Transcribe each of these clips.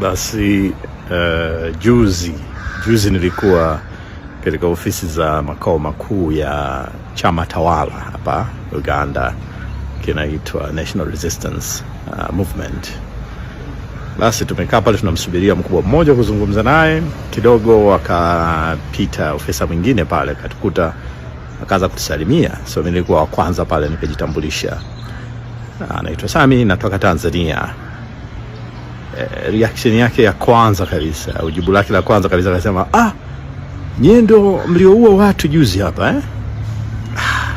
Basi uh, juzi juzi nilikuwa katika ofisi za makao makuu ya chama tawala hapa Uganda kinaitwa National Resistance uh, Movement. Basi tumekaa pale tunamsubiria mkubwa mmoja kuzungumza naye kidogo, akapita ofisa mwingine pale akatukuta, akaanza kutusalimia. So mimi nilikuwa wa kwanza pale nikajitambulisha, anaitwa Sami, natoka Tanzania. Eh, reaction yake ya kwanza kabisa au jibu lake la kwanza kabisa akasema, ah, nyie ndo mlioua watu juzi hapa eh? Ah,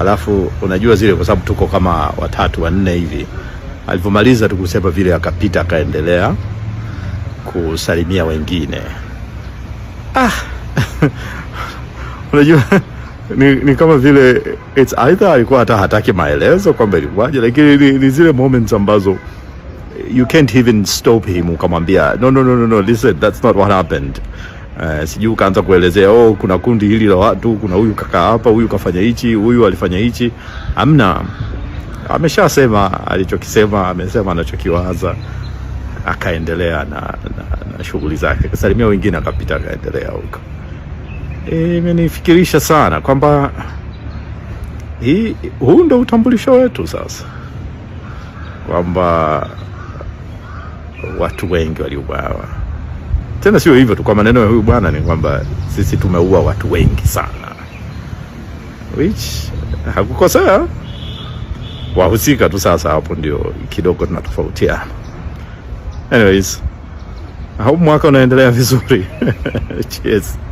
alafu unajua zile, kwa sababu tuko kama watatu wanne hivi, alivyomaliza tu kusema vile akapita akaendelea kusalimia wengine ah. unajua ni, ni kama vile it's either alikuwa hata hataki maelezo kwamba ilikuwaje, lakini ni, ni zile moments ambazo you can't even stop him ukamwambia no, no, no, no, no, listen that's not what happened. Uh, sijui ukaanza kuelezea oh, kuna kundi hili la watu, kuna huyu kaka hapa, huyu kafanya hichi, huyu alifanya hichi. Amna, ameshasema alichokisema, amesema anachokiwaza, akaendelea na, na, na shughuli zake, kasalimia wengine, akapita akaendelea huko. Imenifikirisha e, sana kwamba hii huu ndo utambulisho wetu sasa kwamba watu wengi waliuawa. Tena sio hivyo tu, kwa maneno ya huyu bwana ni kwamba sisi tumeua watu wengi sana, which hakukosea. Wahusika tu sasa hapo ndio kidogo tunatofautiana. Anyways, hau mwaka unaendelea vizuri. Cheers.